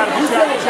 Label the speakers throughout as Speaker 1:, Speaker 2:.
Speaker 1: yardımcı.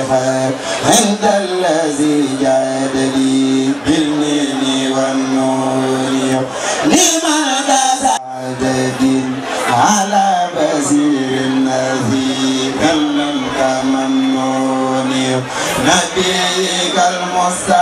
Speaker 2: عند الذي جاد لي بالنيم والنور لماذا سعدد على
Speaker 3: بزير النذير كلا كمنون نبيك المستقيم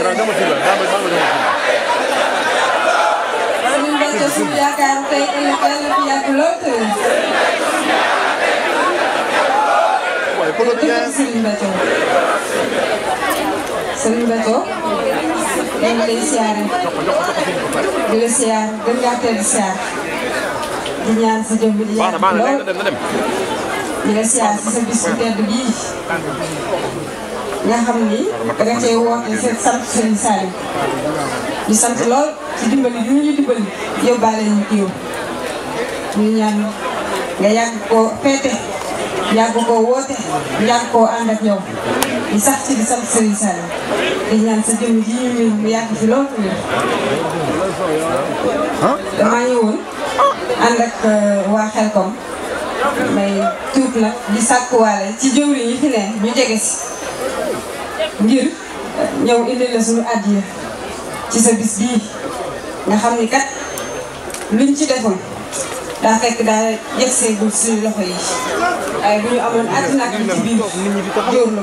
Speaker 1: Beragama sila, agama itu beragama
Speaker 4: Kami Sering baca. Indonesia. Indonesia, nga xam ni danga cee woote seen sant seen Saliou ñu sant lool ci dimbali yu ñu dimbali yóbbaale ñu kii ñu ñaan nga yàgg koo feete yàgg koo woote yàgg koo ànd ak yow ñu sax ci di sant Serigne Saliou di ñaan sa jëmm ji ñu mu yàgg fi lool ñu damaa ànd ak uh, waa Xelkom may tuub nag di sàkkuwaale ci jëwri yi fi ne ñu jege si ngir ñëw indi la suñu addiya ci sa bis bii nga xam ni kat luñ ci defoon daa fekk daa yegseegul suñu loxo yi waaye bu ñu amoon at nag ci biir jóor la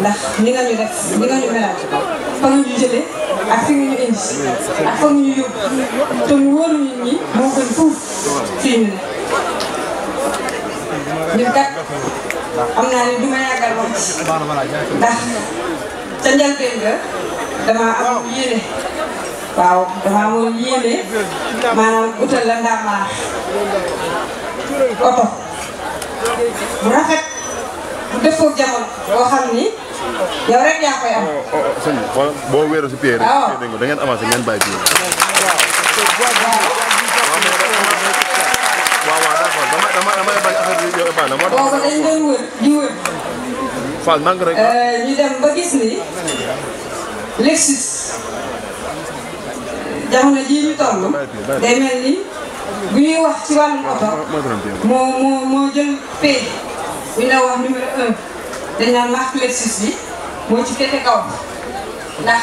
Speaker 4: ndax ni nga ñu def ni nga ñu melaat fa nga ñu jëlee ak fi nga ñu indi ak fa ñu yóbbu te mu wóoru nit ñi moo gën fuuf fii ñu ne ñun kat am naa ni du ma yàggal wax ndax ca njëlbéen ga damaa am yéene waaw damaa amoon yéene maanaam utal la ndàmmaar oto bu rafet bu dëppoo jamono boo xam ni yow rek yaa koy am. Oh,
Speaker 2: oh, boo weeree si pied rek. Ah. da ngeen avancé ngeen bàyyi pied.
Speaker 4: d'accord dama dama damay bañ affaire bi yow baax dem ba gis ni jamono jii ñu toll day ni bu ñuy wax ci wàllum oto moo moo moo jël pay bi ñu la wax numéro un dañ naan marque Lexus bi moo ci féete kaw ndax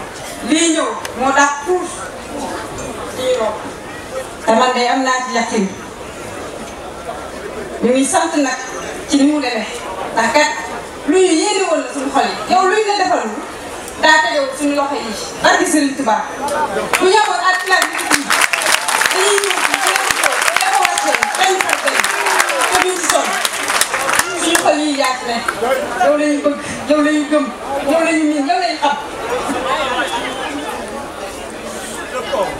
Speaker 4: lii ñëw moo dàq tuus kii roog te man day am naa ci yaqin ñu ngi sant nag ci ni mu demee ndax kat lu ñu yéene woon xol yi yow lu ñu la defal daa tegewul loxo yi barki Sëriñ Tuubaa bu ñëwoon la bi ci dañuy ñëw suñu xol yi yaatu ne la ñu bëgg yow la ñu gëm yow la ñu miin yow la ñu xam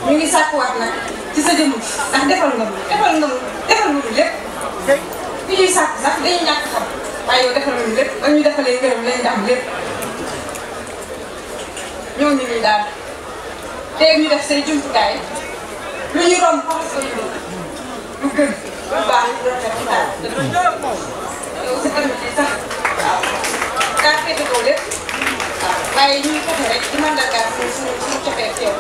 Speaker 4: ñu ngi sàkkuwaat nag ci sa jëmm ndax defal nga mu defal nga mu defal nga mu lépp ba ñu defalee ngërëm lañ am lépp ñoo ngi nii daal tey ñu def say jumtukaay lu ñu romb xool sa ñu ngi fexe rek di màndargaal suñu suñu suñu cofee teew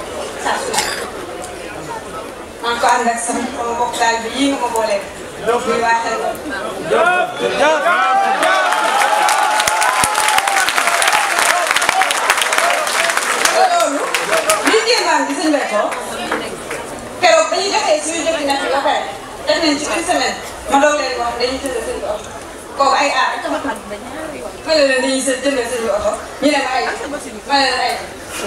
Speaker 4: maa ngi ko ànd ak sama mbokk daal bi yii nga ma boole. jërëjëf muy waatal. loolu. liggéey baa ngi sëñ Beto. keroog ba ñu joxee suñu jëkk ndax ba pare. def nañ ci une semaine. ma doog leen wax dañuy tëddal seen oto. kooku ay aar. ma ne leen dañuy jëndal seen oto. ñu ne ma ay ma ne leen ay.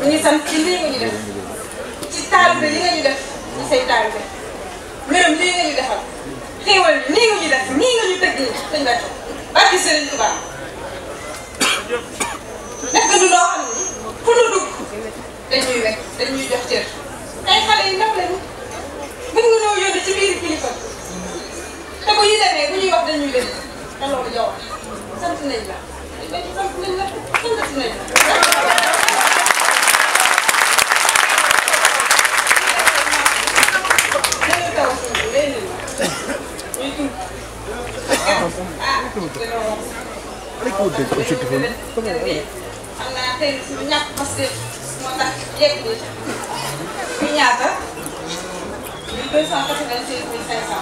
Speaker 4: ñu ngi sant ci lii nga ñu def ci taalibe li nga ñu def ci say taalibe mbiram lii nga ñu defal xéewal bi nii nga ñu def nii nga ñu tëggee dañ la jox barki Sëriñ Tuba nekk du loo xam ni fu nu dugg dañuy wekk dañuy jox cër ay xale yi ndaw lañu bëgg nga ñoo yónni ci biir kilifa
Speaker 1: te bu ñu demee bu ñuy wax
Speaker 4: dañuy def te loolu yow sant nañ la sant nañ la sant nañ la Aray ko din ko siya din. Ang natin, minyak kasi mga yek din. Minyata? Dito sa ako sa nalisi ko isa isa.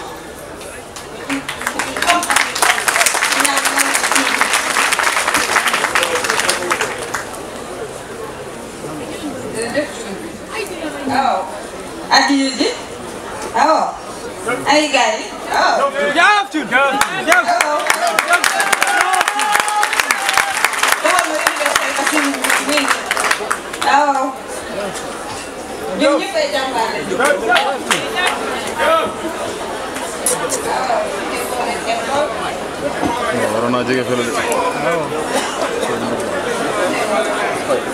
Speaker 4: Oh. Adi Yuji? Oh. How oh, you got oh. to. Oh. Yaptın. Yaptın. Yaptın. Oh. Yo, you better jump on it. Go. Go. I don't know how to get it. No.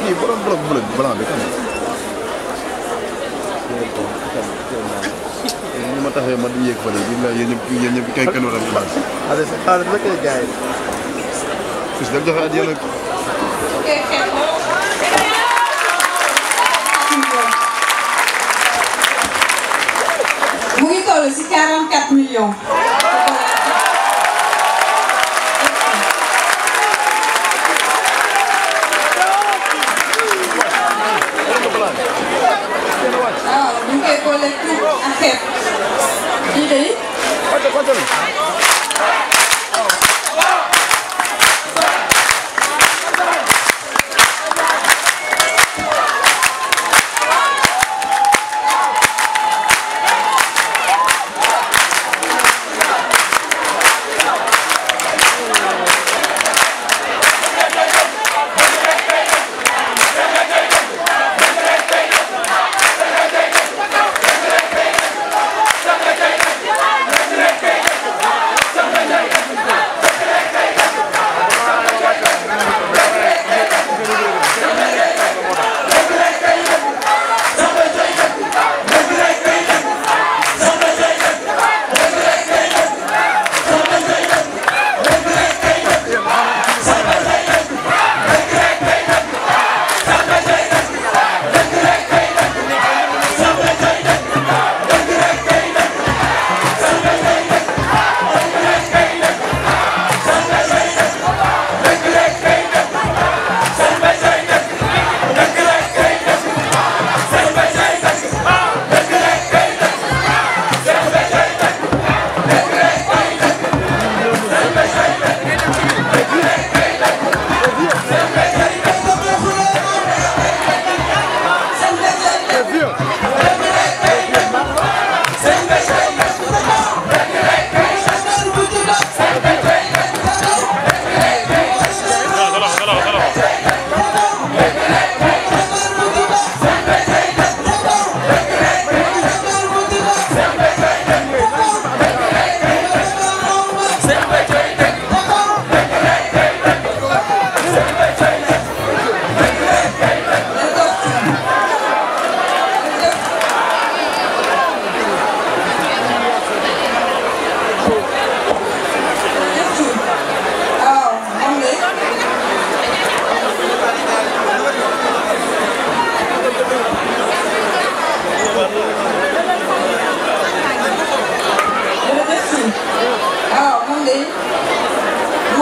Speaker 5: Hey, bro, bro, bro, bro, bro, bro. ma taxee ma yéeg fa léegi la yéen ñëpp yéen ñëpp a baax.
Speaker 3: xaalis xaalis rek lay jaay.
Speaker 5: fii
Speaker 2: dañ joxe adiya nag.
Speaker 4: mu ngi toll si はい。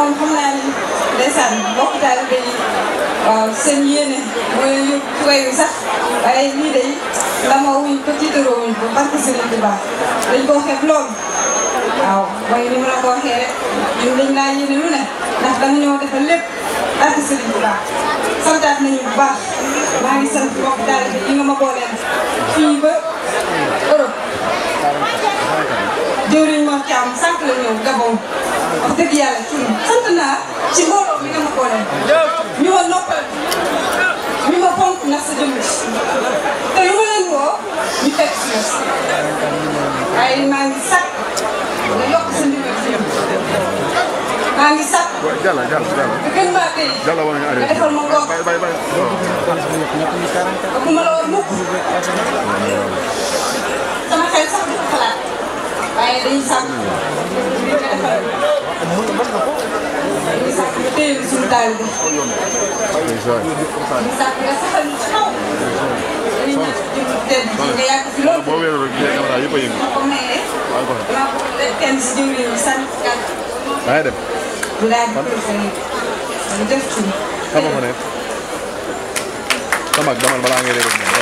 Speaker 4: moom xam naa ni ndeysaan mbokk taalibe yi waaw seen yéene mooy yóbbu tuwaay wi sax waaye lii day ndamoo wuñ ko tiitaroo wuñ ko barke Sëriñ Tuubaa dañ koo xeeb lool waaw mooy ni mu la ko waxee rek ñun dañ laa yéene lu ne ndax danga ñoo defal lépp yi nga ma booleel fii ba Europe jëwriñ Mor Thiam sànq la ñëw Gabon wax dëgg yàlla kii sant naa ci mbooloo mi nga ma boole ñu ma noppal ñu ma fonk ndax sa jëmm ci te lu ma leen woo ñu fekk si waaye maa ngi sàkk nga yokk sa ndimbal ci maa ngi sàkk
Speaker 2: jala jala jala gën maa tey nga defal ma gox ba
Speaker 4: ku ma la war mukk bay đi sắm đi sắm tiền xuống tầng đi sắm cái sân không Puedo ver lo que quiere cámara ahí para ir. Algo. Ahí de. Kamu mana? Kamu gambar balangi deh.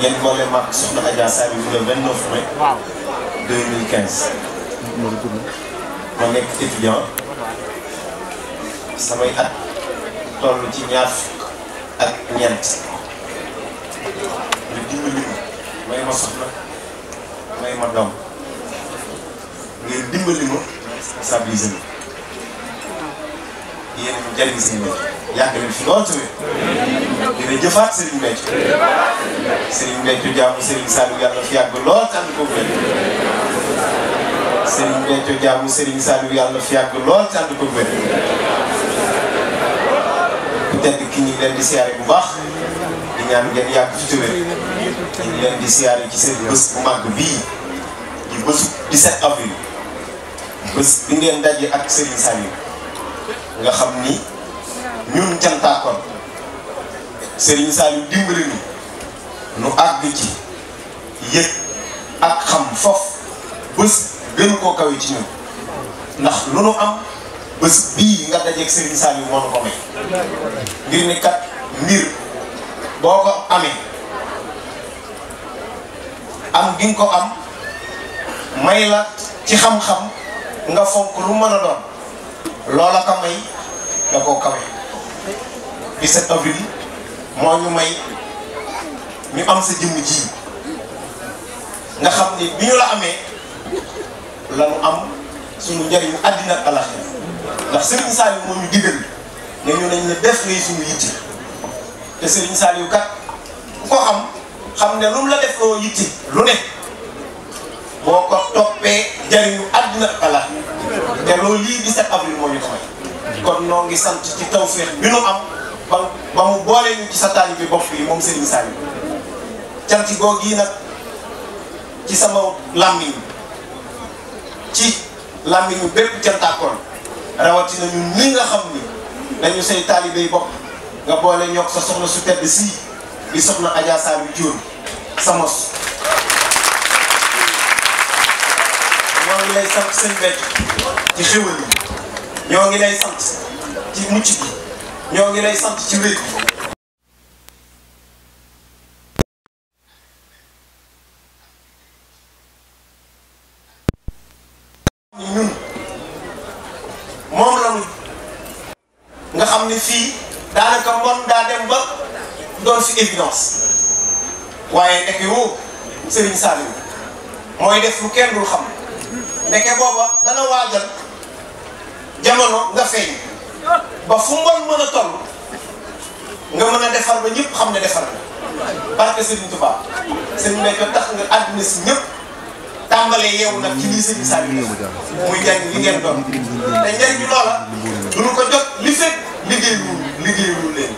Speaker 5: ngeen boole mag soxna Adja Sabi mu le 29 mai. waaw 2015. ma nekk étudiant samay at toll ci ñaar fukk ak ñeent. ñu dimbali may ma soxna may ma doom ngeen dimbali ma stabiliser yéen a ngi jëriñ seen i yàgg leen lool tamit dina jëfaat Serigne Mbecc Serigne Mbecc jaamu Serigne Saliou yàlla fi yàgg lool tànn ko wér Serigne Mbecc jaamu Serigne Saliou yàlla fi yàgg lool tànn ko wér peut-être ki ñu leen di siyaare bu baax di ñaan ngeen yàgg fi tamit ñu ngi leen di siyaare ci seen bés bu màgg bii di bésu 17 avril bés bi ngeen daje ak Serigne Saliou. nga xam ni ñun jantaakoon Serigne Saliou dimbali ñu nu àgg ci yëg ak xam fof bés gën koo kawe ci ñun ndax lu nu am bés bii nga dajeeg Serigne Saliou moo nu ko may ngir ni kat mbir boo ko amee am gi nga ko am may la ci xam-xam nga fonk lu mën a doon loola ko may da koo kawe 17 avril moo ñu may ñu am si jëmm ji nga xam ni bi ñu la amee la mu am suñu njëriñu àddina ak ndax Serigne Saliou moo ñu digal nga ñu nañ ne def lay suñu yitte te Serigne Saliou kat ku ko am xam ne lu mu la def loo yitte lu ne. boo ko toppee jariñu àdduna alaat te loolu lii di sept avril moo ñu ko may kon noo ngi sant ci tawféex bi nu am ba mu boole ñu ci sa taalibe bi bopp yi moom Serigne Saliou cant googu yi nag ci sama làmmiñ ci làmmiñu bépp cantaakoon rawatina ñun ni nga xam ni dañu say taalibe yi bopp nga boole ñoog sa soxla su tedd sii di soxna Adja Saliou Diour sa mos ngi lay sant sëñ ngi lay sant ci
Speaker 1: ngi lay sant ci wér moom la nga xam
Speaker 5: ne fii daanaka mbon daa dem ba doon fi évidence waaye nekk yoo Serigne Saliou mooy def lu kenn dul xam ndeke booba dana waajal jamono nga feeñ ba fu mbon mën a toll nga mën a defar ba ñëpp xam ne defar
Speaker 1: na
Speaker 5: barke Serigne Touba Serigne Mbay ko tax nga àdduna si ñëpp tàmbalee yeewu nag ci lii sëñ Saliou muy njariñ li ngeen doon te njariñ bi loola duñu ko jot li fekk liggéeyul liggéeyul leen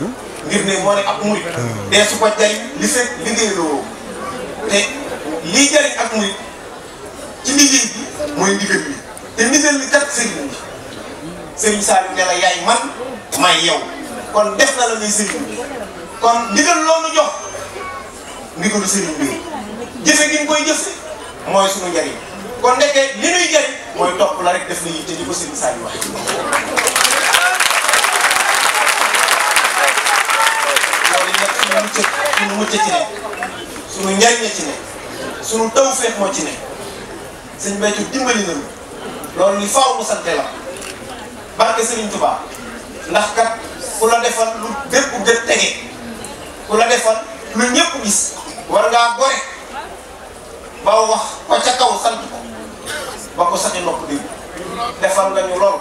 Speaker 5: ngir ne moo ne ak murit dee su ko te lii jariñ ak murit ci liggéey bi mooy ndigal bi te ndigal bi kat sëriñ bi sëriñ Saliou ne la yaay man may yow kon def na la ngay sëriñ bi kon ndigal loolu jox ndigalu sëriñ bi jëfe gi nga koy jëf mooy suñu njariñ kon ndeke li nuy jariñ mooy topp la rek def na te di ko sëriñ Saliou wax loolu nag suñu mucc suñu mucc ci ne suñu njariñ ci ne suñu tawfeex moo ci ne sëñ Béthio dimbali nañu loolu li faaw mu sant la barke Serigne Touba ndax kat ku la defal lu bépp gën tege ku la defal lu ñëpp gis war ngaa gore ba wax ko ca kaw sant ko ba ko saxi nopp dégg defal nga ñu lool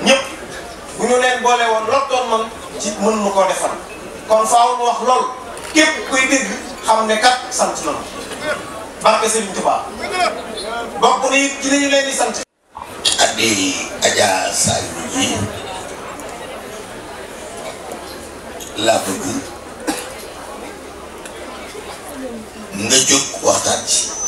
Speaker 5: ñëpp bu ñu leen boole woon lottoon man ci mën nu ko defal kon faaw mu wax lool képp kuy dégg xam ne kat sant na ma barke Serigne Touba bokk na it ci li ñu
Speaker 3: leen di sant. addi Adja Saliou yi laa bëgg nga jóg waxtaan ci.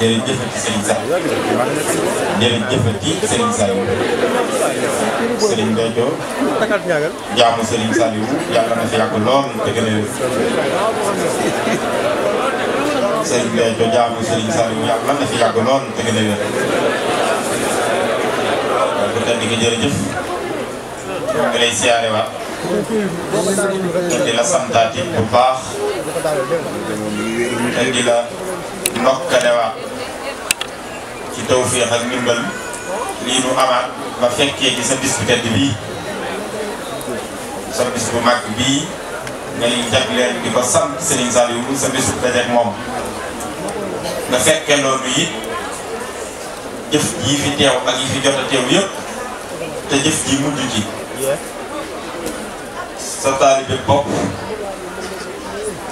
Speaker 1: jërëjëfati Serigne Sall
Speaker 5: jërëjëfati Serigne Sall Serigne Béthio jaamu Serigne Sall yàlla na fi yàgg lool te gën a wér Serigne Béthio jaamu Serigne Sall yàlla na fi yàgg lool te gën a wér bu tedd gi jërëjëf nga lay siyaare waat te di la santaati bu baax te di la ndokkale waat ci tawféex ak ndimbal lii nu amaat ba fekkee ci sa bis bu tedd bii sa bis bu mag bii nga ñu jagleel di ko sant Serigne Saliou sa bis bu dajeek moom nga fekkee loolu it jëf yi fi teew ak yi fi jot a teew yëpp te jëf ji mujj ci sa taalibe bopp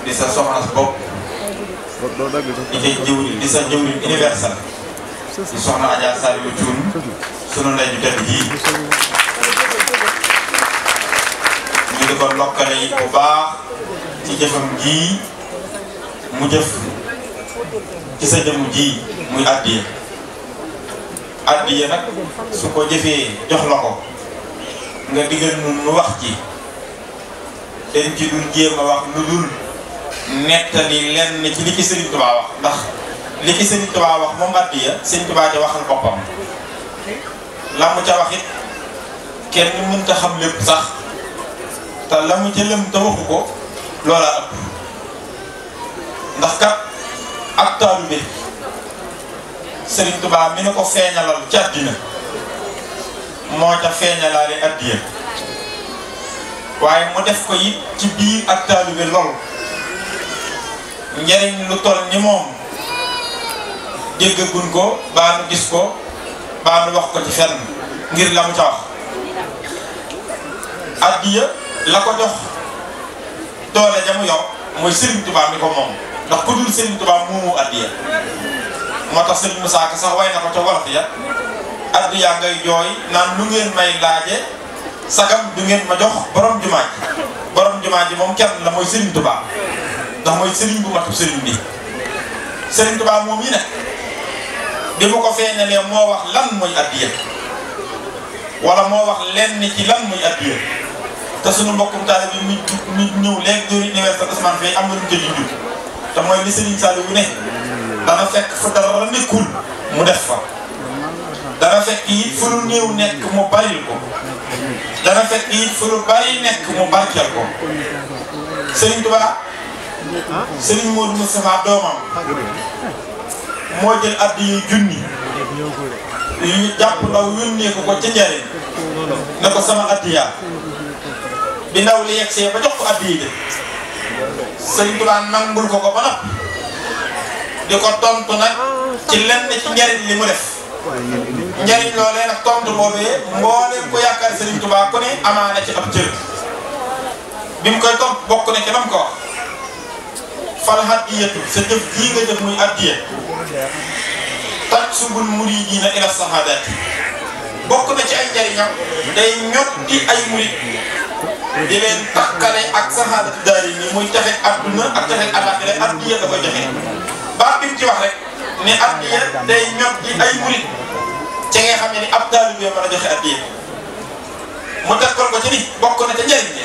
Speaker 5: di sa soxna bopp di sa jëwriñ di sa jëwriñ universel di soxna Adja Saliou Thioune sunu ndey ju tedd ji ñu di ko lokkale yi bu baax ci jëfam ji mu jëf ci sa jëmu ji muy addiye addiye nag su ko jëfee jox la ko nga digal nun nu wax ci dañ ci dul jéem a wax lu dul nettali lenn ci li ci Sëriñ Tuubaa wax ndax li ci sëñ Tuubaa wax moom addiya sëñ Tuubaa ci waxal boppam la mu ca wax it kenn mënta xam lépp sax te la mu ca lëm te waxu ko loola ëpp ndax kat ak taalibe sëriñ Tuubaa mi ne ko feeñalal ci àddina moo ca feeñalaale addiya waaye mu def ko it ci biir ak taalibe lool njëriñ lu toll ni moom déggagun ko baa nu gis ko baa nu wax ko ci fenn ngir la mu ca wax addiya la ko jox doole ja mu yow mooy Serigne Touba mi ko moom ndax ku dul Serigne Touba moomu moo tax Serigne Moussa Ka sax way na ko ca wolof ya addiya ngay jooy naan lu ngeen may laaje sagam du ngeen ma jox borom jumaa ji borom jumaa ji moom kenn la mooy Serigne Touba ndax mooy Serigne bu matu Serigne bi Serigne Touba moom yi ne bi mu ko feeñalee moo wax lan muy addiya wala moo wax lenn ci lan muy addiya te sunu mbokkum taalibe bi mu ñëw léegi dóori université Ousmane Faye am na lu jël yu jub te mooy li Serigne Saliou bu ne dana fekk fa dara nekkul mu def fa dana fekk it fu lu néew nekk mu baril ko dana fekk it fu lu bari nekk mu barkeel ko Serigne Touba Serigne Modou Moustapha doomam moo jël addi yi junni yi jàpp ndaw yónnee ko ko ca njariñ
Speaker 1: ne ko sama addi yaa
Speaker 5: bi ndaw li yegg see ba jox ko addi yi de sëñ Tuubaa nangul ko ko ba noppi di ko tontu nag ci lenn ci njariñ li mu def
Speaker 1: njariñ loolee nag
Speaker 5: tontu boobee mbooleem ko yaakaar sëriñ Tuubaa ku ne amaana ci ab cër bi mu koy tontu bokk na ci bam ko falhadiyatu sa jëf jii nga jëf muy addiya taksubul muridina ila sahadati bokk na ci ay njariñam day ñotti ay murid di takkale ak sahadati daari ni muy texe adduna ak texe alaxira addiya baax bi ci wax rek ne addiya day ñotti ay murid ci nga xam ni ab taalibe mën a joxe addiya mu takkal ko ci ni bokk na ca njariñ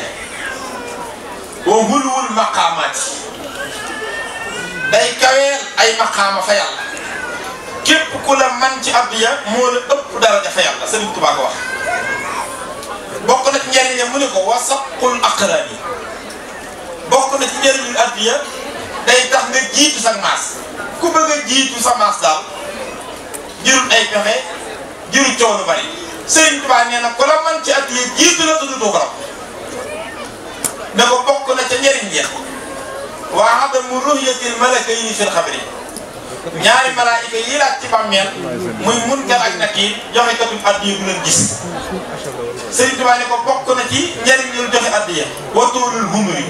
Speaker 5: wa hulwul maqaamaat day kaweel ay maqaama fa yàlla képp ku la man ci addiya moo la ëpp daraja fa yàlla Sëriñ Tuubaa ko wax bokk na ci njëriñam mu ne ko wasaqul aqraan yi bokk na ci njëriñu addiya day tax nga jiitu sa maas ku bëgg a jiitu sa maas daal jërul ay pexe jërul coono bari Sëriñ Tuubaa nee na ku la man ci addiya jiitu la tudd ko ne ko bokk na ca njëriñ ya wa adamu ruhyatil malakayni fil xabri ñaari malaayika yi laaj ci bàmmeel muy munkar ak yi joxe katum addiya bu leen gis Sëriñ Tuubaa ne ko bokk na ci njëriñ ñu joxe addiya wa tuulul humri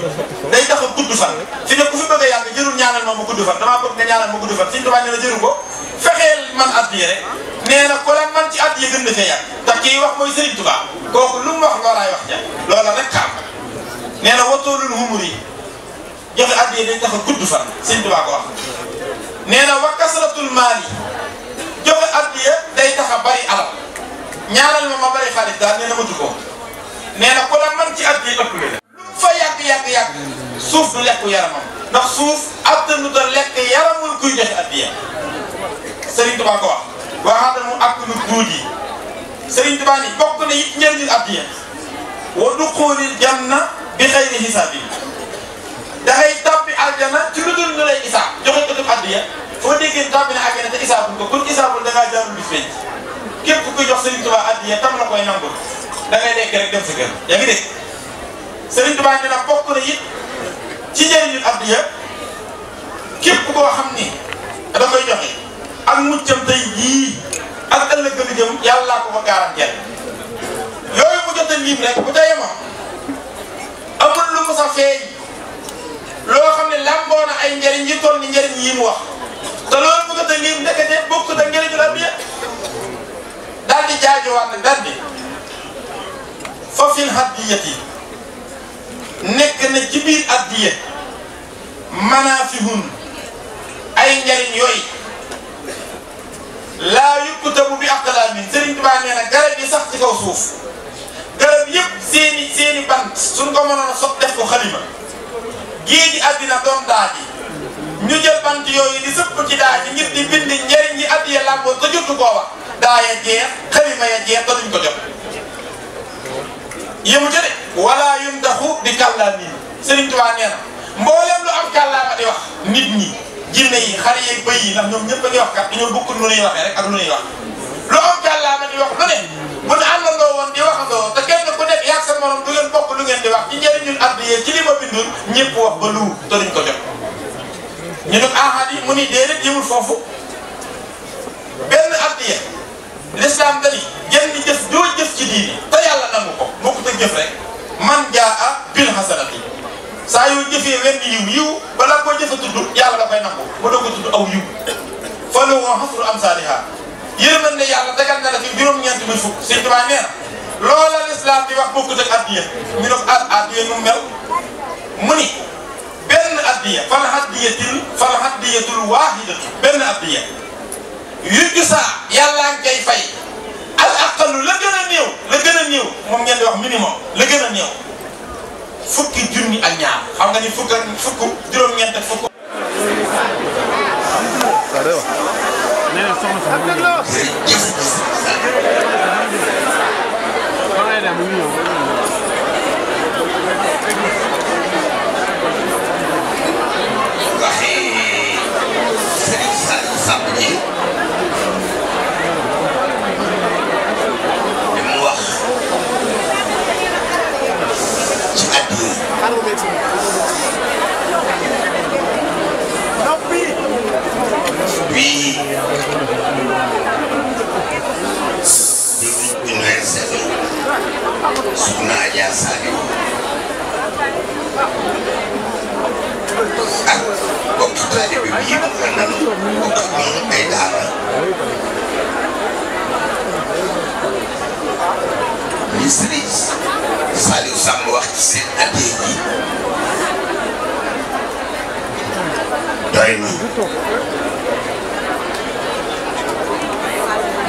Speaker 5: day tax a gudd fan fi ne ku fi bëgg a yàgg jërul ñaanal ma mu gudd fan damaa bëgg nga ñaanal ma gudd fan Sëriñ Tuubaa ne la jëru ko fexeel man addiya rek nee na ko la man ci addiya gën dafee yàgg ndax kii wax mooy Sëriñ Tuubaa kooku lu mu wax loolaay wax ja loola rek kaam nee na wa tuulul humri joxe addiya day tax a gudd fan sëñ Tuubaa ko nee na wa kasratul maali joxe addiya day tax a bari alal ñaaral ma ma bari xaalis daal nee na matu ko nee na ku la man ci addiya ëpp la fa yàgg yàgg yàgg suuf du lekku yaramam ndax suuf attanu da lekk yaramul kuy joxe addiya sëriñ Tuubaa ko waxaata mu ak lu duud yi sëriñ Tuubaa ni bokk na it njëriñu addiya wa duxuulil janna bi xayri xisaab yi dangay tàbbi aljana ci lu dul ñu lay isaab joxe ko dul addiya foo déggee tàbbi na aljana te isaabul ko kun isaabul dangaa jaarul bis penc képp ku jox Serigne Touba addiya tam la koy nangul dangay lekk rek dem sa kër yaa ngi dégg Serigne Touba na bokk na it ci njëriñu addiya ku ko xam ni da koy joxe ak muccam tey jii ak ëllëg bi jëm yàllaa ko ko garanteel yooyu mu jot a lim rek bu tey ma amul lu mu sa feeñ. loo xam ne làmboo na ay njëriñ yi toll ni njëriñ yi mu wax te loolu bëgg da ngeen ndekete bokk da njëriñu la biir daal di jaajowaat ne daal di fafil nekk na ci biir addiya manaafihun ay njëriñ yooyu laa yukkutabu bi aqlaamin Sëriñ Tuubaa nee na garab yi sax ci kaw suuf garab yëpp seeni seeni bant suñ ko mënoon a sot def ko xalima géeji àddina doom daa ji ñu jël bant yooyu di sëpp ci daa yi ngir di bind njëriñ ñi addiya làmboon sa jurtu koo wax daa ya jeex xalima ya jeex daduñ ko jot yëmu ca de wala yum daxu di kàllaam yi Sëriñ Tuubaa nee na mboolem lu am kàllaama di wax nit ñi jinne yi xar yeeg bëy yi ndax ñoom ñëpp a ngi wax kat dañoo bokk lu ñuy waxee rek ak lu ñuy wax loolu jàllaama di wax lu ne bu ñu àndandoo woon di waxandoo te kenn ku nekk yaag sa morom du ngeen bokk lu ngeen di wax ci njëriñul addiya ci li ma bindul ñëpp wax ba lu te duñ ko jot ñu ne ahad ah, yi mu ni déedéet yëmul foofu benn addiya l'islam dali jënn jëf doo jëf ci te yàlla nangu ko bokkut ak jëf rek man jaa a bil hasanati saa yoo jëfee wenn yiw yiw balaa koo jëfe tudd yàlla dafay nangu ba doo ko tudd aw yiw fa lahu asru amsaalihaa yërmal ne yàlla dagal na la fi juróom-ñeent bi fukk sëñ Tuubaa nee na loola lislaam di wax bokkut ak addiya ñu def ah, addiya nu mel mu ni benn addiya fal addiyatul fal addiyatul waahidatu benn addiya yu gisaa yàlla ngi koy fay al aqalu la gën a néew la gën a néew moom ngeen di wax minimum la gën a néew fukki junni ak ñaam xam nga ni fukk ak fukk juróom-ñeent
Speaker 1: fukk Nee, das ist doch was denn los? Nein, der Mühe. Hallo, Mädchen. bii Serigne Noël Sadio Soxna
Speaker 3: Adja Sadio ak bokki taalibe bi yi bokk nañu bokk nañu ay daara li Serigne Saliou Samb wax ci seen addee yi doy na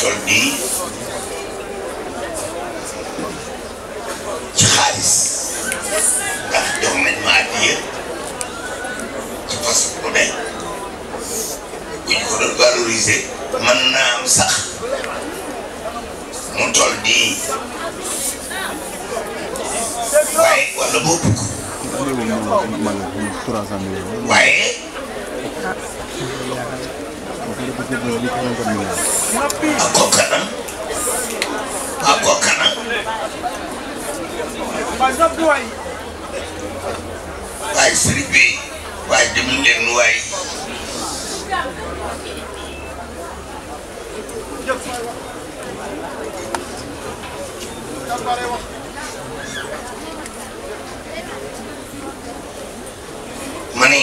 Speaker 3: toll nii ci xaalis ndax jox nañ ma addiya ci fas bu ne bu ñu ko doon valoriser mën naa am sax mu toll nii
Speaker 1: waaye wala boo bugg waaye Ako ka na?
Speaker 5: Ako ka na? waaye sëriñ bi waaye dem leen waaye
Speaker 3: ma ni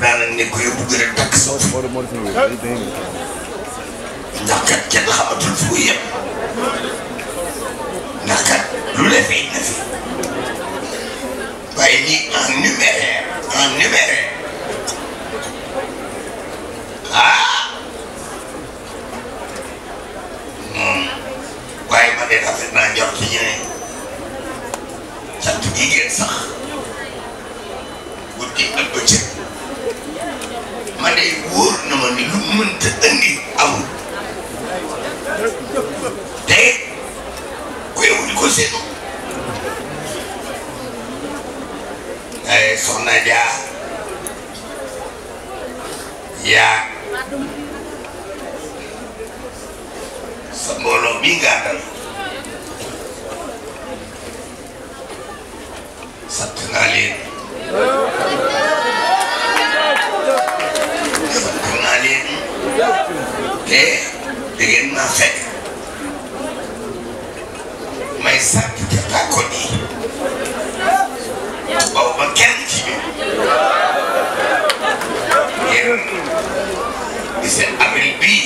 Speaker 3: daanaka ne ko yóbbu gën a takk suuf ah. ndax waaye ah! hmm. ma de rafet naa njort ci ñu ne sant gi ngeen sax guddi ak bëccëg man day wóor na ma ni lu mënta indi amul te wéewuñu ko seen eh, ay soxna Dia yaa sa mbooloo mi nga te da ngeen maa fekk may sàkk te tàkkoon yi aw ba kenn ci ñun ngeen di seen avril bii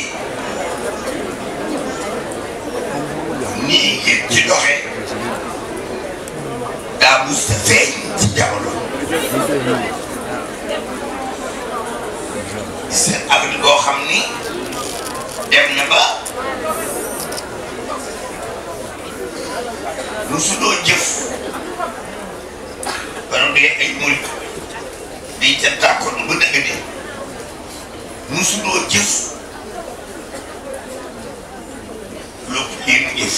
Speaker 3: nii ngeen ci doxe daa mus sa feeñ ci jamono di seen avril boo xam ni dem na ba lu su doo jëf baro dee ay murit di ca tàkkoon ba dëgg de lu su doo jëf lépp lii nu jëf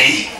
Speaker 3: lady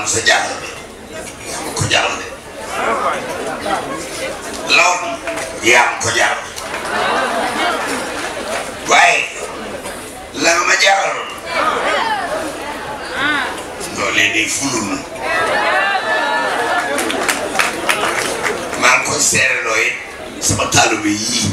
Speaker 3: maanaam sa jaaxal bi ma ko jaaral de ma ko jaaral waaye la nga ma maa ngi koy seereloo it sama taalu bi yii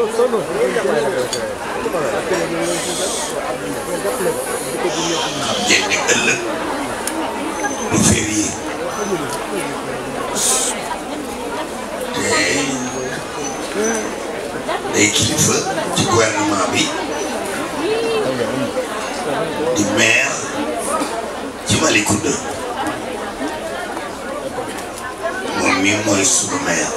Speaker 3: ab jeex ëllëg du
Speaker 1: férié te day kilifa
Speaker 3: ci gouvernement bi di maire ci Malicounda moom mii mooy sunu maire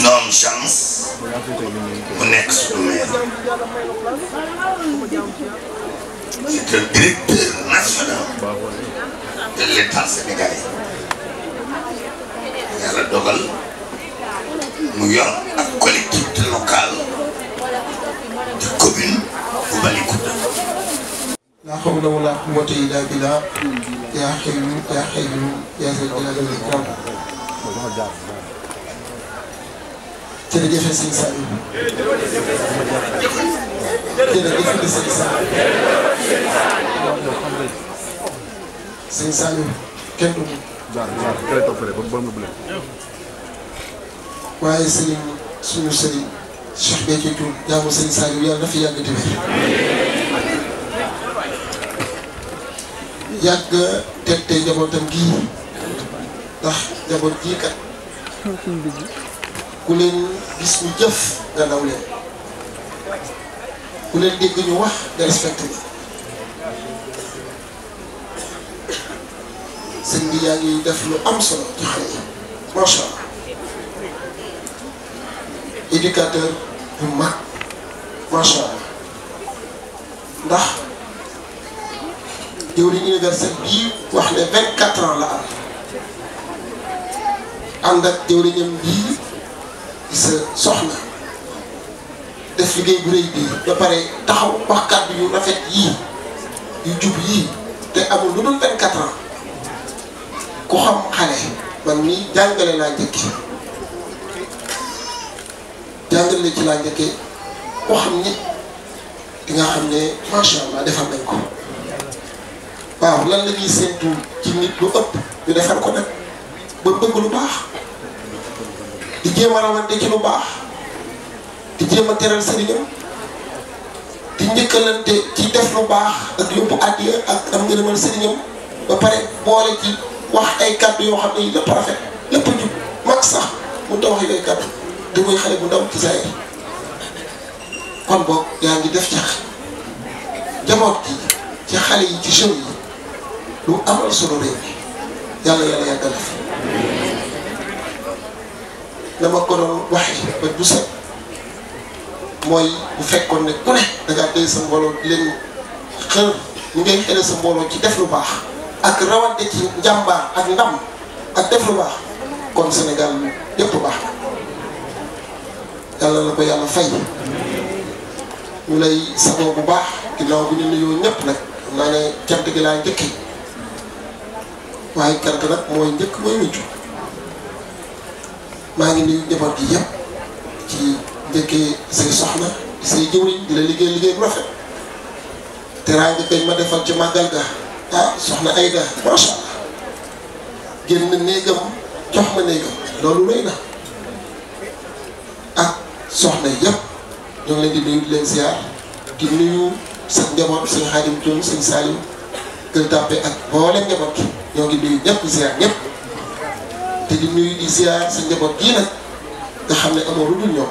Speaker 3: Non chance mu nekk c'est un directeur national de l'État sénégalais
Speaker 1: Nous dogal la yor un collectivité locale de commune
Speaker 2: au l'écouter. لا حول ولا قوة إلا بالله يا حي يا حي يا ذا الجلال والإكرام jërëjëf sëñ Saliou jërëjëf sëñ Saliou sëñ Saliou kenn du moom waaye sëñ suñu sëriñ Cheikh Béthio Thioune jaamu sëñ Saliou yàlla na fi yàgg di wér yàgg teg tey njabootam gii ndax njaboot gii kat ku leen gis ñu jëf nga naw ku leen dégg ñu wax nga respecté bi sëñ bi yaa ngi def lu am solo ci xale yi éducateur bu mag ndax yow li université bii wax ne vingt quatre ans la am ànd ak jëwriñam bii sa soxna def liggéey bu rëy bii pare taxaw wax kàddu yu rafet yii yu jub yii te amul lu dul vingt quatre ans ku xam xale man mii jàngale laa njëkke jàngale ci laa njëkke ku xam nit di nga xam ne macha allah defal nañ ko. waaw lan la ñuy séntu ci nit lu ëpp ñu defar ko nag ba bëgg lu baax di jéem a rawante ci lu baax di jéem a teral sëriñam di njëkkalante ci def lu baax ak yóbbu àddiya ak am ngërëmal sëriñam ba pare boole ci wax ay kàddu yoo xam ne lépp rafet lépp jub mag sax mënut a wax yooyu kàddu di muy xale bu ndaw ci saa yi kon yaa ngi def cax jamoot gi ci xale yi ci jeunes yi. lu amal solo réew mi yàlla yàlla yàggal fi bu fekkoon ne ku sa mbooloo di ci def lu baax ak rawante ci njàmbaar def lu baax kon Sénégal yëpp baax la ko yàlla fay ñu lay sagoo bu baax ginnaaw bi ñu nuyoo ñëpp nag xam naa ne cant gi laa njëkki waaye cant nag mooy njëkk mooy mucc maa ngi nuyu njaboot gi yëpp ci njëkkee say soxna say jëwriñ di la liggéey liggéey bu rafet teraanga bañ ma defal ci màggal ga ah soxna Ayda macha génn néegam jox ma néegam loolu rëy na ak soxna yëpp ñoo ngi leen di nuyu di leen ziar di nuyu seen njaboot seen xaadim Diop seen Salim. Gueule Tapée ak mboolem njaboot ñoo ngi nuyu ñëpp ziar ñëpp te di nuyu di ziar sa njaboot gii nag nga xam ne amoo lu dul ñoom.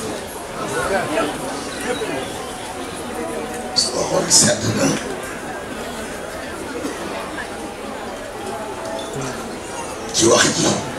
Speaker 3: sedd na ci wax ji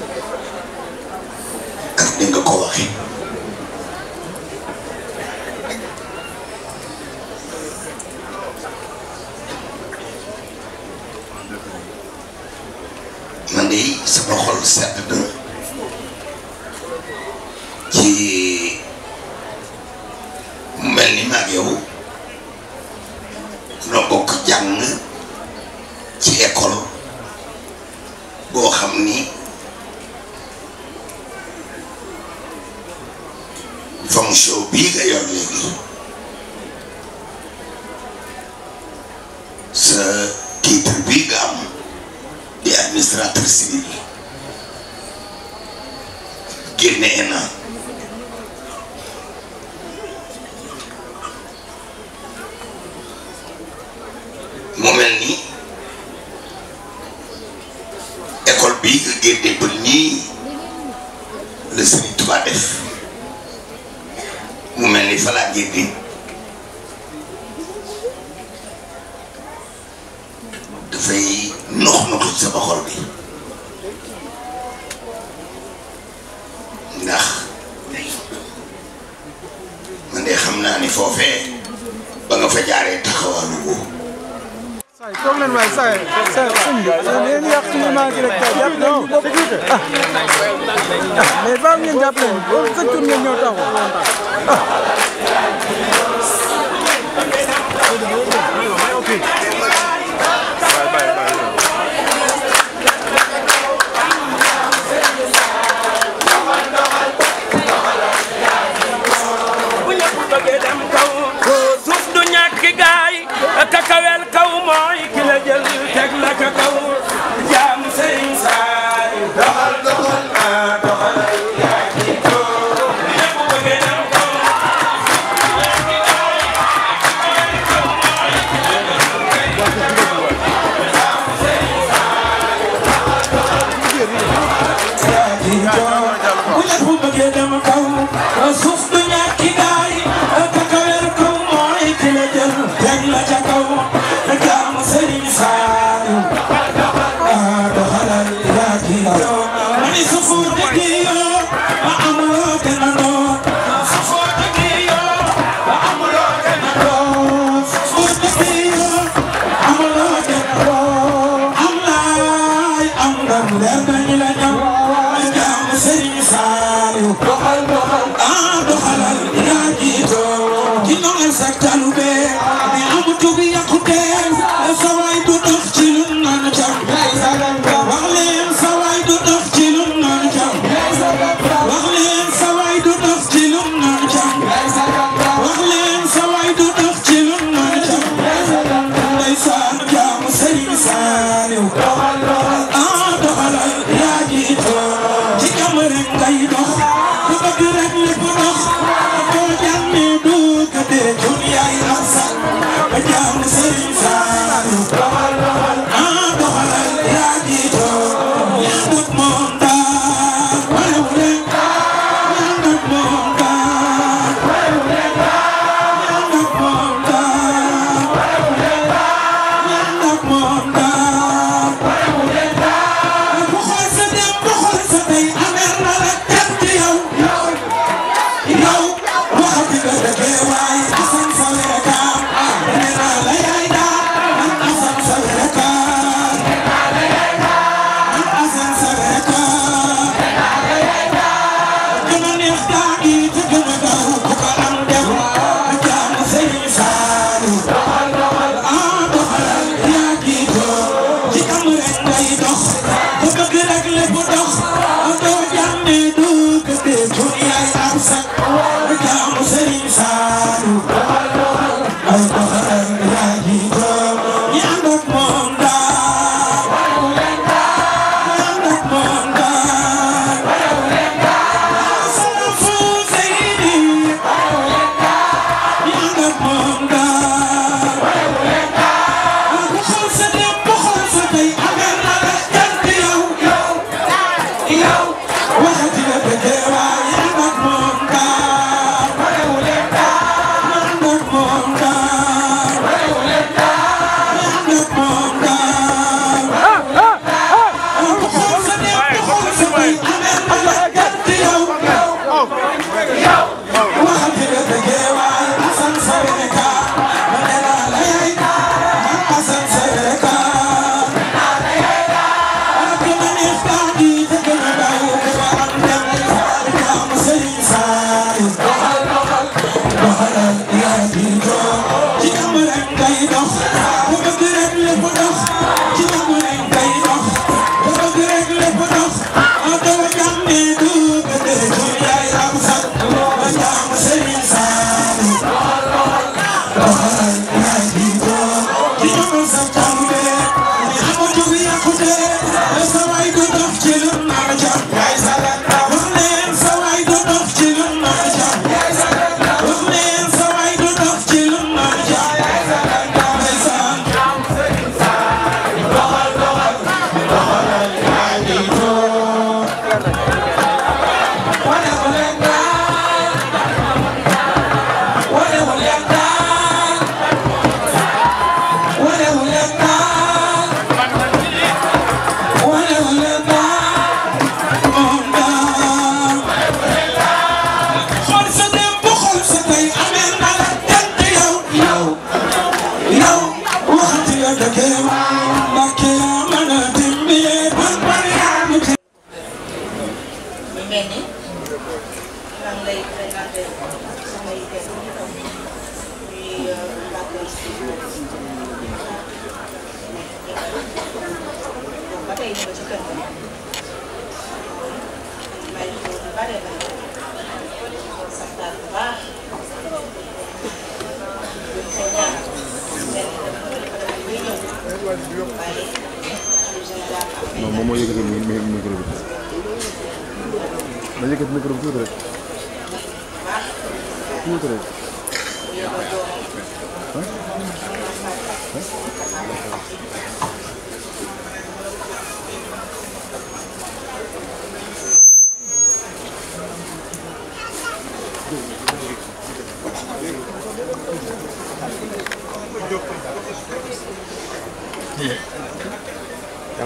Speaker 2: Đang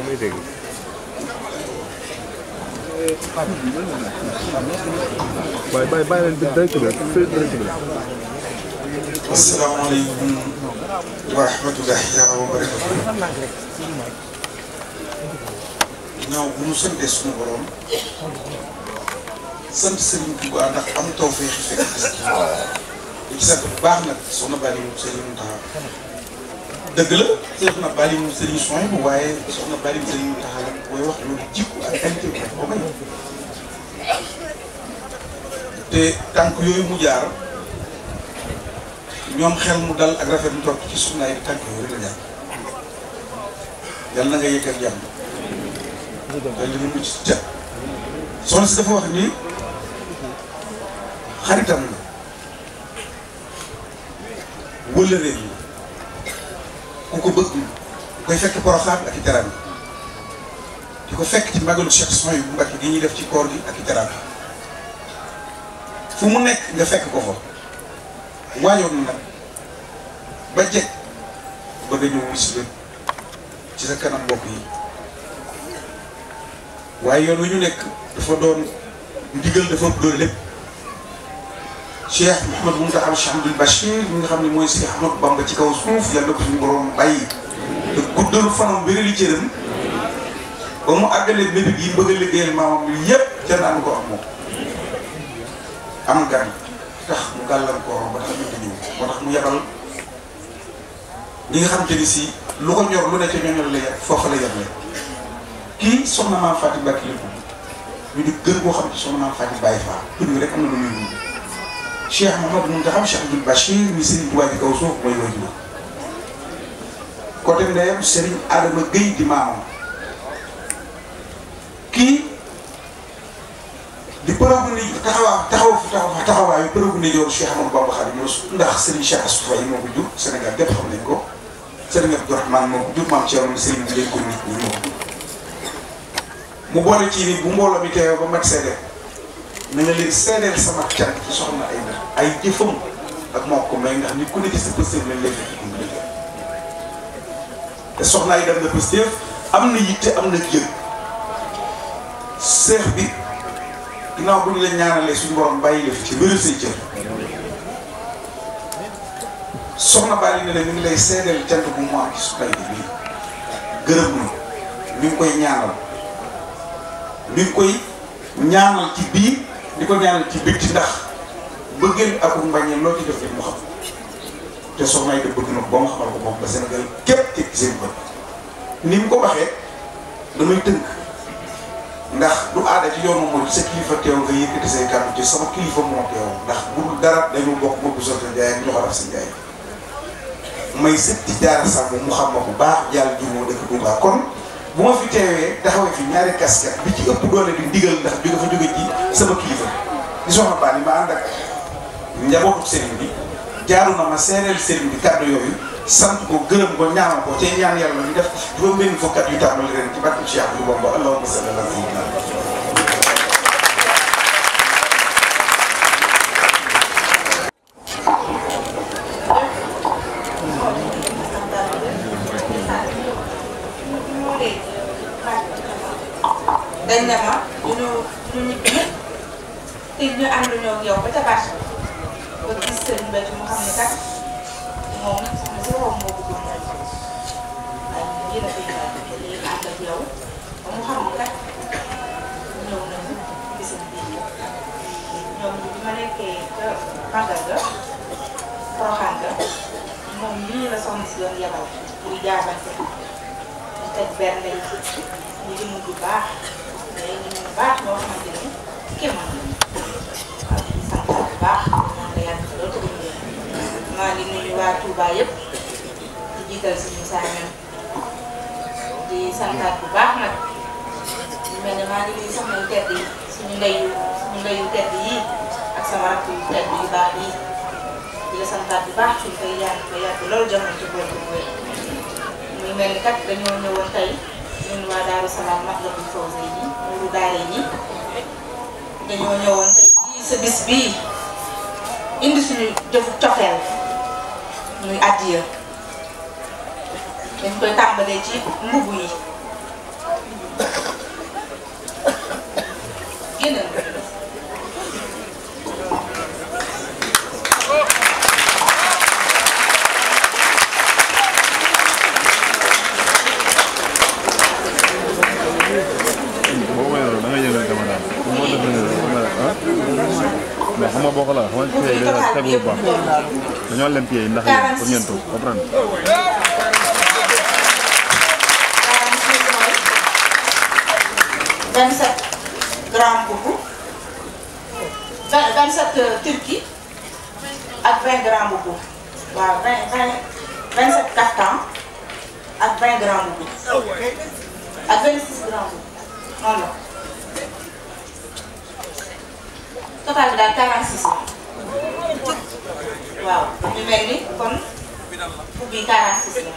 Speaker 2: mới rừng. Bay bay bay lên bên tới cái được, tới cái được.
Speaker 1: Assalamu waaw rahmatulah yàlla moom bëri na.
Speaker 5: ñaaw bu ñu santee suñu borom. sant Serigne Touba baax am tawfeex fekk gis ci sant bu baax nag soxna Bali moom Serigne Mountakha dëgg la soxna Bali moom Serigne soin bu waaye soxna Bali moom Serigne Mountakha la booy wax loolu jikko ak qualité bi ko may tànk yooyu mu jaar. ñoom xel mu dal ak rafet mu topp ci sunnaay tànk yooyu rek la jàpp yàlla na nga yëg ak jàmm yàlla na mucc ca soxna si dafa wax ni xaritam wëllëree ku ko bëgg koy fekk poroxaat ak i teraanga di ko fekk ci magalu Cheikh Soy bu Mbàkke gi ñuy def ci koor gi ak i teraanga fu mu nekk nga fekk ko fa waajoon nag ba sa kanam mbokk yi waaye yoon wi ñu nekk dafa doon ndigal dafa doon lépp Cheikh Mouhamed Mountakha Abdoul Bachir mi nga xam ne mooy Cheikh Ahmadou Bamba ci kaw suuf yàlla ko suñu borom bàyyi te guddalu fanam bërili cëram ba mu àggale bébé yi bëgg a liggéeyal maamam yépp ca naan ko am moom am gan tax mu gàllankoor ba tax ñu di ñëw moo tax mu yebal nga xam te ni si lu ko ñor lu ne ca ñoñor la yem foofa la kii soxna maam Fatou Mbacke ñu di gën koo xam ci soxna maam Fatou Baye Fall tur bi rek am na lu muy wut Cheikh Mouhamadou Mountakha Cheikh Abdoul Bachir mi Serigne Touba ci kaw suuf mooy wajur côté ndeyam Serigne Adama Guèye di maamam kii di bërëbu ni taxawaa taxaw taxaw taxawaayu bërëbu ni yoonu Cheikh Amadou Bamba Khadim Rasul ndax Serigne Cheikh Astou Faye moo ko jur Sénégal gépp xam nañ ko Serigne Abdou Rahmane moo ko jur maam Thierno Serigne bi leen ko nit ñi moo ko jur mu boole ci ni bu mbooloo mi teew ba mat seede na nga leen seedeel sama cant ci soxna ay ndax ay jëfam ak moo ko may ndax nit ku nekk ci pëstéef lañ lay fekk bu liggéey te soxna yi dem na pëstéef am na yitte am na jëm seex bi ginnaaw bu ñu la ñaanalee suñu borom bàyyi la fi ci wéral say cër soxna Bally ne mi ngi lay seedeel cant bu mu am ci su tay bi gërëm na mi ngi koy ñaanal mi ngi koy ñaanal ci biir di ko ñaanal ci bitti ndax bëggeel ak mbañeel loo ci def rek mu xam te soxna yi de bëgg na ko xamal ko moom ba Sénégal képp képp ni mu ko waxee damay tënk. ndax du aada ci yoonu murid sa kilifa teew nga yëkkati say kàddu ci sama kilifa moo teew ndax bu dul dara dañu bokk bëgg sota jaay ak ñoxo raf si jaay may sët ci jaara sàmm mu xam ma bu baax jàll jumoo dëkk Touba kon bu ma fi teewee taxawee fi ñaari casquette bi ci ëpp doole di ndigal ndax jóge fa jóge ci sama kilifa di soxna baa ni ma ànd ak njabootu sëriñ bi jaaru na ma seereel sëriñ bi kàddu yooyu santugo gërëm ko ñaanal ko te ñaan yàlla li def juróom benn fukkat yu tàmbali ren ci barke Cheikh Ahmadou Bamba allahumma salli ala sayyidina
Speaker 4: dañ ne ma ñu ñu te ñu ànd ñoo yow ba ca bâche ba gis sëñ bi mu xam ne kat moom boroom moo ko bëgg moom la koy ñëw léegi ànd yow ba mu xam kat ñëw nañu gisum bii ñoom bi ma nekkee ca màggal ga proxaan ga moom lii la soxna si doon yebal yi ñu baax mais ñu mu baax ñoo xamante ni kéemaan lañu waaw sant baax moom la jiital eh. eh. si di santaat bu baax nag ñu mel ne maa ngi nuyu tedd yi suñu ndeyu suñu ndeyu tedd yi ak sama rakk yu tedd yu baax yi di la bu baax suñu koy yàgg koy yàgg loolu jox nañ ci muy mel ni kat dañoo ñëwoon tey ñun waa Daaru Salaam mat la buñ foofu yi muuru daara yi dañoo ñëwoon tey sa bis bii indi suñu jëfu cofeel muy addiya dañ koy tàmbalee ci mbubu yi génnal mais ah? xam nga boo ko la xam nga pied yi
Speaker 5: dañoo lem pied yi ndax yéen pour ngeen toog
Speaker 1: comprendre
Speaker 4: 27 grand boubou 27 turki ak 20 grand boubou waaw 20 20 27 kaftan ak 20 grand boubou ak 26 grand boubou noonu la total bi daal 46 la waaw ñu mel ni kon ubbi 46 la.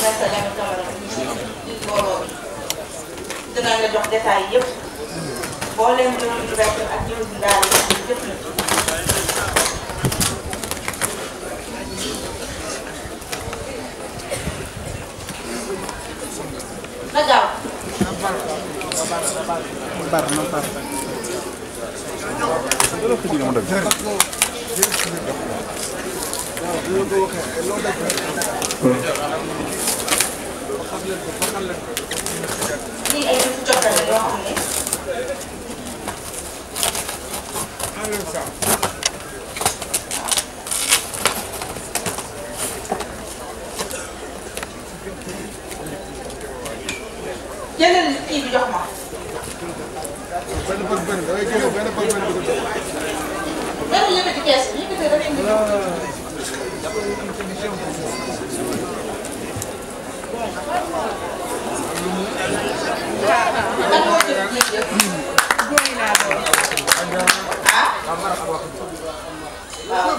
Speaker 4: maître Lamine Camara
Speaker 5: bar bar
Speaker 1: Thank you. नहीं हाँ।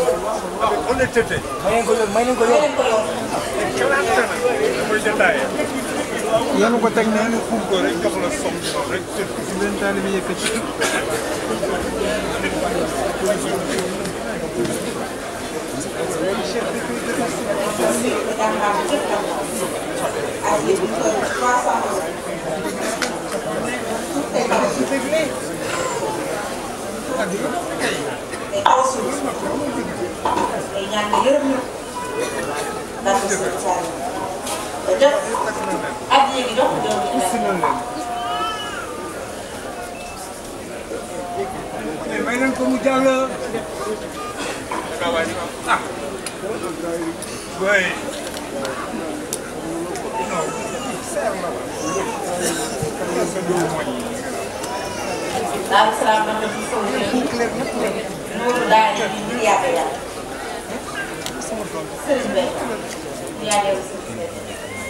Speaker 1: avec
Speaker 4: honnêteté. may nañ ko yor may nañ ko yor.
Speaker 5: teg nee na xum ko rek jox la sox rek tëj ko ci benn taalibe bi yëkkati.
Speaker 4: Thank you. day xaw a suuf day ñaan nga yërëm ñu ndax du seen saal te jox at yii di jox ko jox ko ci
Speaker 1: nawet may nañ ko mu jàll. ah. oui.
Speaker 4: Daaru Salaam Murdari e Abel. Sırbe,
Speaker 1: Niyade Usulü'nde,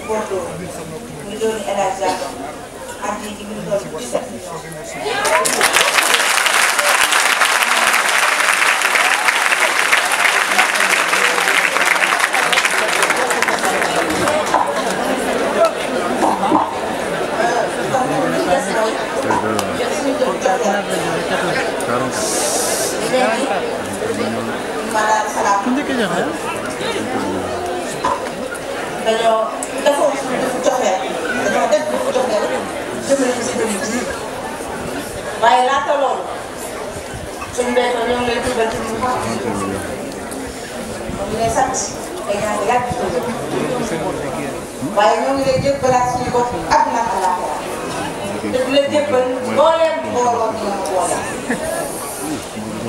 Speaker 4: Bordo, Milyon Elazığ'a, Adli 2012 milyon. général. dañoo dafa joxe dañoo def dafa joxe jëmale ko si commune bi waaye laata loolu suñu béykat ñoo ngi lay tuddal ci ñun wax dëgg ñu lay sant te ñaan yàgg waaye ñoo ngi lay jébbalaat suñu bopp ak naka laa ko te du la jébbal mbooleem mbooloo ñu boole.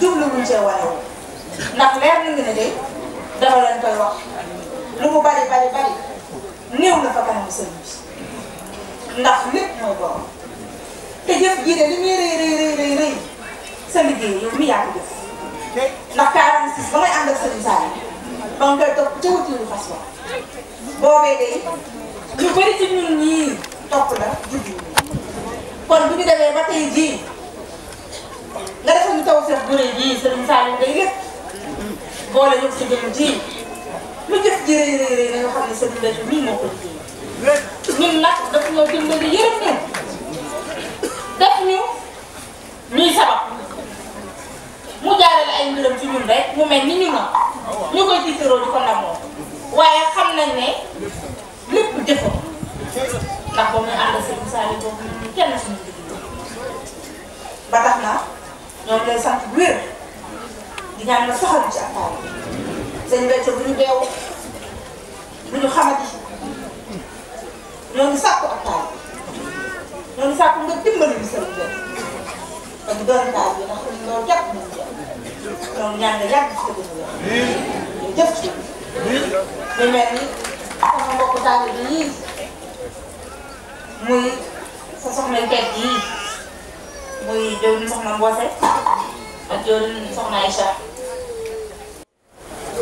Speaker 4: jubluwuñ cee wane wu ndax leer nañu ne de dafa leen koy wax lu mu bari bari bari néew na fa kanamu sëñ bi ndax lépp mooy borom te jëf ji de li muy
Speaker 1: rëy rëy rëy rëy
Speaker 4: sa liggéey yow mi yaa ko jëf ndax 46 ba ngay ànd ak sëriñ Sall ba nga koy topp ca wutiwul fas wa boobee de ñu bëri ci ñun ñii topp la juddu kon bu ñu demee ba tey jii. nga defal ñu taw seen gure ji Serigne Saliou ngay lépp boole ñu ci jëm ji lu jëf ji rëy rëy rëy xam ne Serigne Béthio mii moo ko ji ñun nag daf ñoo dimbali sabab mu jaarale ay mbiram ci rek mu mel ni ñu na ñu koy tiitaroo di ko ndamoo waaye xam nañ ne lépp jëfam ndax ba muy ànd Serigne Saliou boobu ñun kenn suñu digg ba tax na ñoo ngi lay sant bu wér di ñaan la saxal ci ak taal sëñ Béthio bu ñu deew bu ñu xamati ñoo ngi sàkku ak taal ñoo ngi sàkku nga dimbali bi sëñ Béthio ba ñu doon taal bi ndax dañu doon jàpp ñu
Speaker 1: jàpp
Speaker 4: ñoo ngi ñaan nga yàgg ci dëgg ñu jëf ci ñu mel ni sama mbokk taal bi yii muy sa soxna teg yii muy jëwriñ soxna Mbose ak jëwriñ soxna Aïcha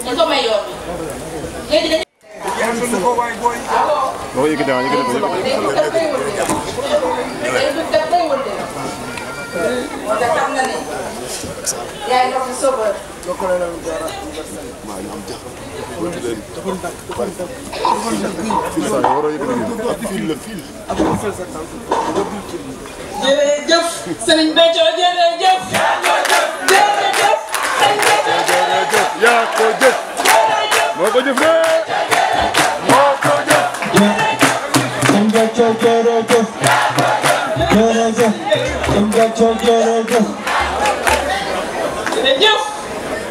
Speaker 4: ñu ko may yoon bi léegi dañu waaw yëkkati waaw yëkkati ko yëkkati ko
Speaker 5: yëkkati
Speaker 1: ko jërëjëf sëriñ Béthio jërëjëf. jërëjëf sëriñ Béthio jërëjëf. yaa ko jëf. jërëjëf moo ko jëf rek. moo ko jëf. sëriñ Béthio jërëjëf. jërëjëf. sëriñ Béthio jërëjëf. jërëjëf. jërëjëf sëriñ Béthio.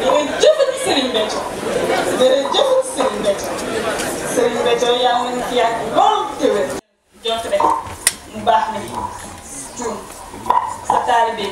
Speaker 4: jërëjëf sëriñ Béthio. sëriñ Béthio yaa ngi fi yàgg lool te wér. jot rek mu baax na. sa taalibe